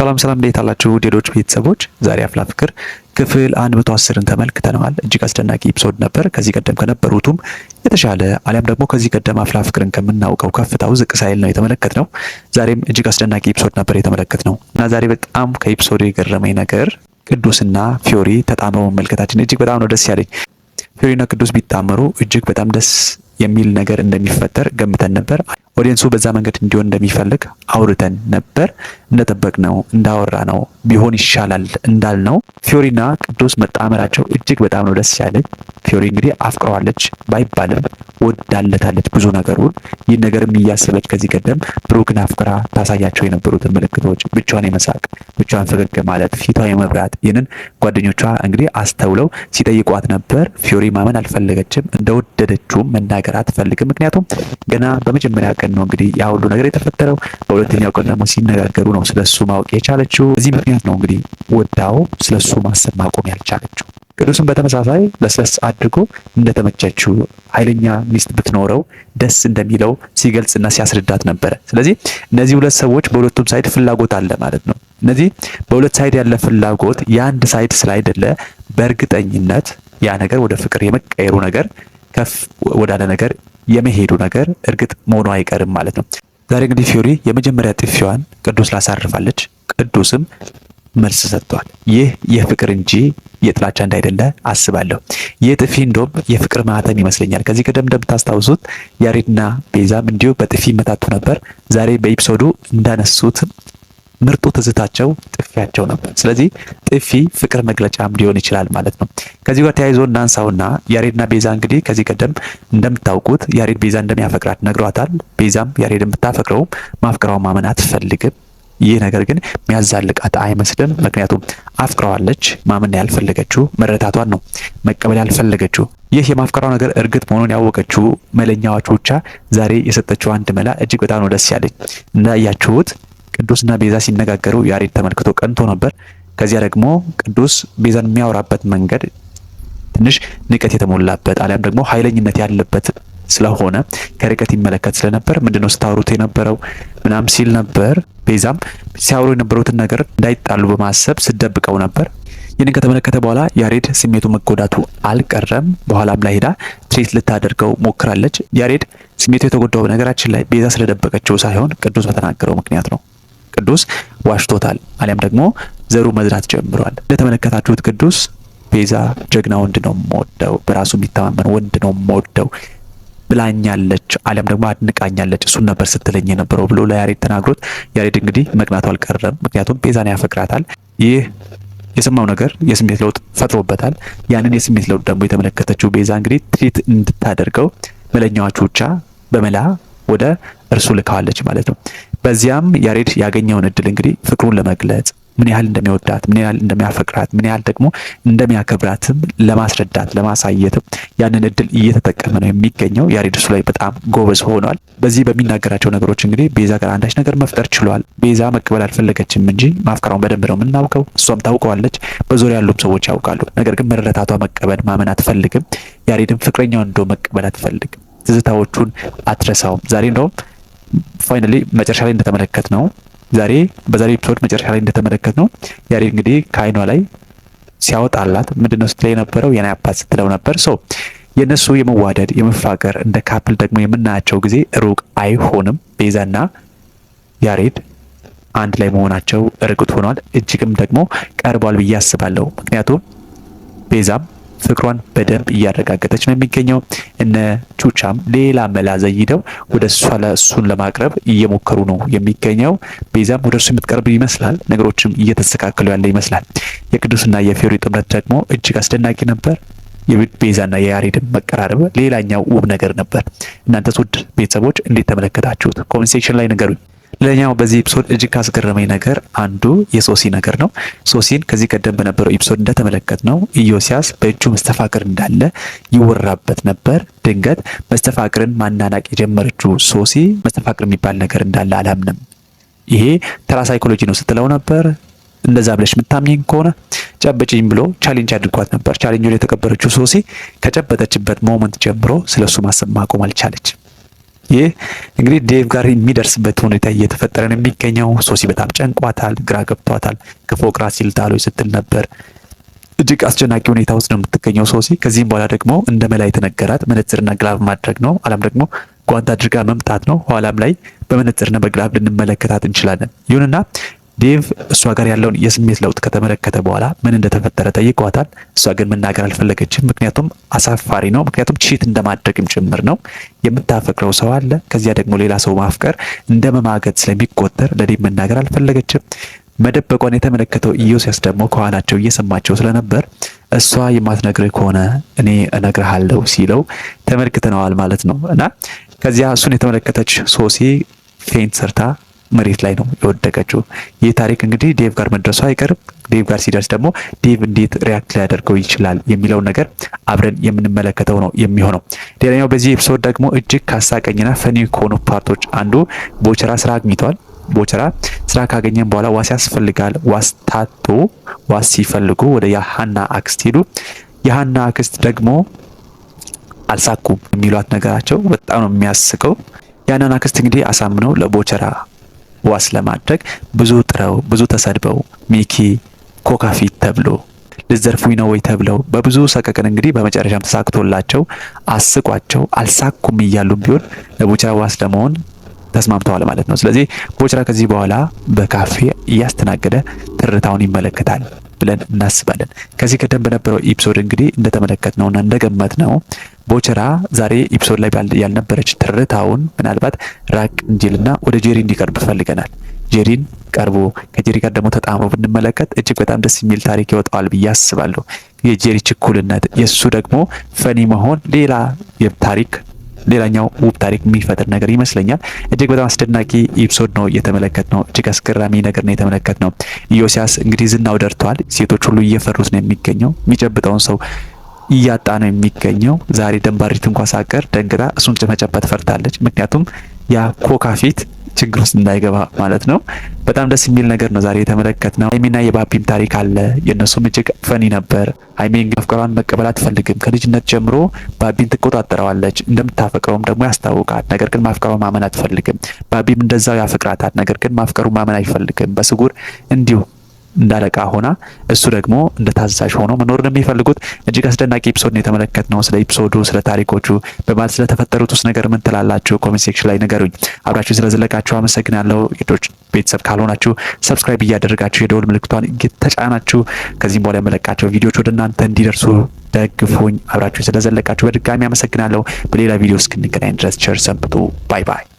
ሰላም ሰላም፣ እንዴት አላችሁ ዴሎች ቤተሰቦች? ዛሬ አፍላ ፍቅር ክፍል 110ን ተመልክተነዋል። እጅግ አስደናቂ ኤፒሶድ ነበር። ከዚህ ቀደም ከነበሩትም የተሻለ አሊያም ደግሞ ከዚህ ቀደም አፍላ ፍቅርን ከምናውቀው ከፍታው ዝቅ ሳይል ነው የተመለከትነው። ዛሬም እጅግ አስደናቂ ኤፒሶድ ነበር የተመለከትነው እና ዛሬ በጣም ከኤፒሶዱ የገረመኝ ነገር ቅዱስና ፊዮሪ ተጣምረው መመልከታችን እጅግ በጣም ነው ደስ ያለኝ። ፊዮሪና ቅዱስ ቢጣመሩ እጅግ በጣም ደስ የሚል ነገር እንደሚፈጠር ገምተን ነበር። ኦዲየንሱ በዛ መንገድ እንዲሆን እንደሚፈልግ አውርተን ነበር። እንደጠበቅ ነው እንዳወራ ነው ቢሆን ይሻላል እንዳል ነው። ፊዮሪና ቅዱስ መጣመራቸው እጅግ በጣም ነው ደስ ያለኝ። ፊዮሪ እንግዲህ አፍቅረዋለች ባይባልም ወዳለታለች ብዙ ነገሩን። ይህ ነገርም እያሰበች ከዚህ ቀደም ብሩክን አፍቅራ ታሳያቸው የነበሩትን ምልክቶች፣ ብቻዋን የመሳቅ ብቻዋን ፈገግ ማለት፣ ፊቷ የመብራት ይህንን ጓደኞቿ እንግዲህ አስተውለው ሲጠይቋት ነበር። ፊዮሪ ማመን አልፈለገችም። እንደወደደችውም መናገር አትፈልግም። ምክንያቱም ገና በመጀመሪያ ቀን ቀን ነው እንግዲህ ያ ሁሉ ነገር የተፈጠረው። በሁለተኛው ቀን ደግሞ ሲነጋገሩ ነው ስለሱ ማወቅ የቻለችው። በዚህ ምክንያት ነው እንግዲህ ወዳው ስለሱ ማሰብ ማቆም ያልቻለችው። ቅዱስም በተመሳሳይ ለስለስ አድርጎ እንደተመቸችው ኃይለኛ ሚስት ብትኖረው ደስ እንደሚለው ሲገልጽና ሲያስረዳት ነበረ። ስለዚህ እነዚህ ሁለት ሰዎች በሁለቱም ሳይድ ፍላጎት አለ ማለት ነው። እነዚህ በሁለት ሳይድ ያለ ፍላጎት የአንድ ሳይድ ስላይደለ በእርግጠኝነት ያ ነገር ወደ ፍቅር የመቀየሩ ነገር ከፍ ወዳለ ነገር የመሄዱ ነገር እርግጥ መሆኑ አይቀርም ማለት ነው። ዛሬ እንግዲህ ፊዮሪ የመጀመሪያ ጥፊዋን ቅዱስ ላሳርፋለች። ቅዱስም መልስ ሰጥቷል። ይህ የፍቅር እንጂ የጥላቻ እንዳይደለ አስባለሁ። ይህ ጥፊ እንደውም የፍቅር ማህተም ይመስለኛል። ከዚህ ቀደም እንደምታስታውሱት ያሬድና ቤዛም እንዲሁ በጥፊ ይመታቱ ነበር። ዛሬ በኤፒሶዱ እንዳነሱት ምርጡ ትዝታቸው ጥፊያቸው ነበር። ስለዚህ ጥፊ ፍቅር መግለጫም ሊሆን ይችላል ማለት ነው። ከዚህ ጋር ተያይዞ እናንሳውና ያሬድና ቤዛ እንግዲህ ከዚህ ቀደም እንደምታውቁት ያሬድ ቤዛ እንደሚያፈቅራት ነግሯታል። ቤዛም ያሬድ የምታፈቅረው ማፍቅራውን ማመን አትፈልግም። ይህ ነገር ግን የሚያዛልቃት አይመስልም። ምክንያቱም አፍቅረዋለች። ማመን ያልፈለገችው መረታቷን ነው መቀበል ያልፈለገችው። ይህ የማፍቀራው ነገር እርግጥ መሆኑን ያወቀችው መለኛዋቹ ብቻ ዛሬ የሰጠችው አንድ መላ እጅግ በጣም ነው ደስ ያለኝ እንዳያችሁት ቅዱስና ቤዛ ሲነጋገሩ ያሬድ ተመልክቶ ቀንቶ ነበር። ከዚያ ደግሞ ቅዱስ ቤዛን የሚያወራበት መንገድ ትንሽ ንቀት የተሞላበት አሊያም ደግሞ ኃይለኝነት ያለበት ስለሆነ ከርቀት ይመለከት ስለነበር ምንድነው ስታወሩት የነበረው ምናም ሲል ነበር። ቤዛም ሲያወሩ የነበሩትን ነገር እንዳይጣሉ በማሰብ ስደብቀው ነበር። ይህንን ከተመለከተ በኋላ ያሬድ ስሜቱ መጎዳቱ አልቀረም። በኋላም ላይ ሄዳ ትሬት ልታደርገው ሞክራለች። ያሬድ ስሜቱ የተጎዳው በነገራችን ላይ ቤዛ ስለደበቀችው ሳይሆን ቅዱስ በተናገረው ምክንያት ነው። ቅዱስ ዋሽቶታል፣ አሊያም ደግሞ ዘሩ መዝራት ጀምሯል። እንደተመለከታችሁት ቅዱስ ቤዛ ጀግና ወንድ ነው የምወደው፣ በራሱ የሚተማመን ወንድ ነው የምወደው ብላኛለች አሊያም ደግሞ አድንቃኛለች፣ እሱን ነበር ስትለኝ የነበረው ብሎ ለያሬድ ተናግሮት፣ ያሬድ እንግዲህ መቅናቱ አልቀረም። ምክንያቱም ቤዛን ያፈቅራታል። ይህ የሰማው ነገር የስሜት ለውጥ ፈጥሮበታል። ያንን የስሜት ለውጥ ደግሞ የተመለከተችው ቤዛ እንግዲህ ትሪት እንድታደርገው መለኛዎቹ ብቻ በመላ ወደ እርሱ ልካዋለች ማለት ነው። በዚያም ያሬድ ያገኘውን እድል እንግዲህ ፍቅሩን ለመግለጽ ምን ያህል እንደሚወዳት ምን ያህል እንደሚያፈቅራት ምን ያህል ደግሞ እንደሚያከብራትም ለማስረዳት ለማሳየትም ያንን እድል እየተጠቀመ ነው የሚገኘው። ያሬድ እሱ ላይ በጣም ጎበዝ ሆኗል። በዚህ በሚናገራቸው ነገሮች እንግዲህ ቤዛ ጋር አንዳች ነገር መፍጠር ችሏል። ቤዛ መቀበል አልፈለገችም እንጂ ማፍቀሯን በደንብ ነው የምናውቀው፣ እሷም ታውቀዋለች፣ በዙሪያ ያሉም ሰዎች ያውቃሉ። ነገር ግን መረዳታቷ መቀበል ማመን አትፈልግም። ያሬድም ፍቅረኛውን እንደ መቀበል አትፈልግም። ትዝታዎቹን አትረሳውም። ዛሬ እንደውም ፋይናሊ መጨረሻ ላይ እንደተመለከት ነው ዛሬ በዛሬ ኤፒሶድ መጨረሻ ላይ እንደተመለከት ነው ያሬድ እንግዲህ ከአይኗ ላይ ሲያወጣላት ምንድነው ስትለው የነበረው የኔ አባት ስትለው ነበር። ሶ የእነሱ የመዋደድ የመፋቀር እንደ ካፕል ደግሞ የምናያቸው ጊዜ ሩቅ አይሆንም። ቤዛና ያሬድ አንድ ላይ መሆናቸው ርቅት ሆኗል፣ እጅግም ደግሞ ቀርቧል ብዬ አስባለሁ። ምክንያቱም ቤዛም ፍቅሯን በደንብ እያረጋገጠች ነው የሚገኘው። እነ ቹቻም ሌላ መላ ዘይደው ወደ እሷ እሱን ለማቅረብ እየሞከሩ ነው የሚገኘው። ቤዛም ወደ እሱ የምትቀርብ ይመስላል። ነገሮችም እየተስተካከሉ ያለ ይመስላል። የቅዱስና የፌሪ ጥምረት ደግሞ እጅግ አስደናቂ ነበር። የቤዛና የያሬድን መቀራረብ ሌላኛው ውብ ነገር ነበር። እናንተስ ውድ ቤተሰቦች እንዴት ተመለከታችሁት? ኮሜንት ሴክሽን ላይ ንገሩኝ። ሌላኛው በዚህ ኤፒሶድ እጅግ ካስገረመኝ ነገር አንዱ የሶሲ ነገር ነው። ሶሲን ከዚህ ቀደም በነበረው ኤፒሶድ እንደተመለከት ነው ኢዮስያስ በእጁ መስተፋቅር እንዳለ ይወራበት ነበር። ድንገት መስተፋቅርን ማናናቅ የጀመረችው ሶሲ መስተፋቅር የሚባል ነገር እንዳለ አላምንም፣ ይሄ ተራ ሳይኮሎጂ ነው ስትለው ነበር። እንደዛ ብለሽ የምታምኝ ከሆነ ጨብጭኝ ብሎ ቻሌንጅ አድርጓት ነበር። ቻሌንጁን የተቀበረችው ሶሲ ከጨበጠችበት ሞመንት ጀምሮ ስለሱ ማሰብ ማቆም አልቻለች። ይህ እንግዲህ ዴቭ ጋር የሚደርስበት ሁኔታ እየተፈጠረ ነው የሚገኘው። ሶሲ በጣም ጨንቋታል፣ ግራ ገብቷታል። ከፎቅ ራሴን ልጣለው ስትል ነበር። እጅግ አስጨናቂ ሁኔታ ውስጥ ነው የምትገኘው ሶሲ። ከዚህም በኋላ ደግሞ እንደ መላ የተነገራት መነጽርና ግላብ ማድረግ ነው፣ አላም ደግሞ ጓንት አድርጋ መምታት ነው። ኋላም ላይ በመነጽርና በግላብ ልንመለከታት እንችላለን። ይሁንና ዴቭ እሷ ጋር ያለውን የስሜት ለውጥ ከተመለከተ በኋላ ምን እንደተፈጠረ ጠይቀዋታል። እሷ ግን መናገር አልፈለገችም። ምክንያቱም አሳፋሪ ነው፣ ምክንያቱም ቺት እንደማድረግም ጭምር ነው። የምታፈቅረው ሰው አለ፣ ከዚያ ደግሞ ሌላ ሰው ማፍቀር እንደ መማገጥ ስለሚቆጠር ለዴቭ መናገር አልፈለገችም። መደበቋን የተመለከተው ኢዮስያስ ደግሞ ከኋላቸው እየሰማቸው ስለነበር እሷ የማትነግርህ ከሆነ እኔ እነግርሃለሁ ሲለው ተመልክተነዋል ማለት ነው እና ከዚያ እሱን የተመለከተች ሶሲ ፌንት ሰርታ መሬት ላይ ነው የወደቀችው። ይህ ታሪክ እንግዲህ ዴቭ ጋር መድረሱ አይቀርም። ዴቭ ጋር ሲደርስ ደግሞ ዴቭ እንዴት ሪያክት ሊያደርገው ይችላል የሚለውን ነገር አብረን የምንመለከተው ነው የሚሆነው። ሌላኛው በዚህ ኤፒሶድ ደግሞ እጅግ ካሳቀኝና ፈኒ ከሆኑ ፓርቶች አንዱ ቦቸራ ስራ አግኝቷል። ቦቸራ ስራ ካገኘን በኋላ ዋስ ያስፈልጋል። ዋስ ታቶ ዋስ ሲፈልጉ ወደ የሀና አክስት ሄዱ። የሀና አክስት ደግሞ አልሳኩም የሚሏት ነገራቸው በጣም ነው የሚያስቀው። ያንን አክስት እንግዲህ አሳምነው ለቦቸራ ዋስ ለማድረግ ብዙ ጥረው ብዙ ተሰድበው ሚኪ ኮካፊት ተብሎ ልዘርፉኝ ነው ወይ ተብለው በብዙ ሰቀቅን እንግዲህ በመጨረሻም ተሳክቶላቸው አስቋቸው አልሳኩም እያሉ ቢሆን ለቡችራ ዋስ ለመሆን ተስማምተዋል ማለት ነው። ስለዚህ ቦችራ ከዚህ በኋላ በካፌ እያስተናገደ ትርታውን ይመለከታል ብለን እናስባለን። ከዚህ ቀደም በነበረው ኢፕሶድ እንግዲህ እንደተመለከት ነውና እንደገመት ነው ቦቸራ ዛሬ ኢፕሶድ ላይ ያልነበረች ትርታውን ምናልባት ራቅ እንዲልና ወደ ጄሪ እንዲቀርብ ፈልገናል። ጄሪን ቀርቦ ከጄሪ ጋር ደግሞ ተጣምሮ ብንመለከት እጅግ በጣም ደስ የሚል ታሪክ ይወጣዋል ብዬ አስባለሁ። የጄሪ ችኩልነት፣ የእሱ ደግሞ ፈኒ መሆን ሌላ ታሪክ ሌላኛው ውብ ታሪክ የሚፈጥር ነገር ይመስለኛል። እጅግ በጣም አስደናቂ ኢፕሶድ ነው እየተመለከት ነው። እጅግ አስገራሚ ነገር ነው የተመለከት ነው። ኢዮስያስ እንግዲህ ዝናው ደርቷል። ሴቶች ሁሉ እየፈሩት ነው የሚገኘው የሚጨብጠውን ሰው እያጣ ነው የሚገኘው። ዛሬ ደንባሪት እንኳ ሳቀር ደንግጣ እሱን መጨበጥ ፈርታለች። ምክንያቱም ያ ኮካ ፊት ችግር ውስጥ እንዳይገባ ማለት ነው። በጣም ደስ የሚል ነገር ነው ዛሬ የተመለከትነው። ሀይሜና የባቢም ታሪክ አለ። የእነሱም እጅግ ፈኒ ነበር። ሀይሜ አፍቃሯን መቀበል አትፈልግም። ከልጅነት ጀምሮ ባቢን ትቆጣጠረዋለች፣ እንደምታፈቅረውም ደግሞ ያስታውቃል። ነገር ግን ማፍቀሯን ማመን አትፈልግም። ባቢም እንደዛው ያፈቅራታል። ነገር ግን ማፍቀሩ ማመን አይፈልግም። በስጉር እንዲሁ እንዳለቃ ሆና እሱ ደግሞ እንደ ታዛዥ ሆኖ መኖር ነው የሚፈልጉት። እጅግ አስደናቂ ኤፒሶድ ነው የተመለከትነው። ስለ ኤፒሶዱ፣ ስለ ታሪኮቹ በማለት ስለተፈጠሩት ውስጥ ነገር ምን ትላላችሁ? ኮሜንት ሴክሽን ላይ ነገሩኝ። አብራችሁ ስለዘለቃችሁ አመሰግናለሁ። ዶች ቤተሰብ ካልሆናችሁ ሰብስክራይብ እያደረጋችሁ የደወል ምልክቷን እየተጫናችሁ ከዚህም በኋላ የመለቃቸው ቪዲዮዎች ወደ እናንተ እንዲደርሱ ደግፉኝ። አብራችሁ ስለዘለቃችሁ በድጋሚ አመሰግናለሁ። በሌላ ቪዲዮ እስክንገናኝ ድረስ ቸር ሰንብቱ። ባይ ባይ።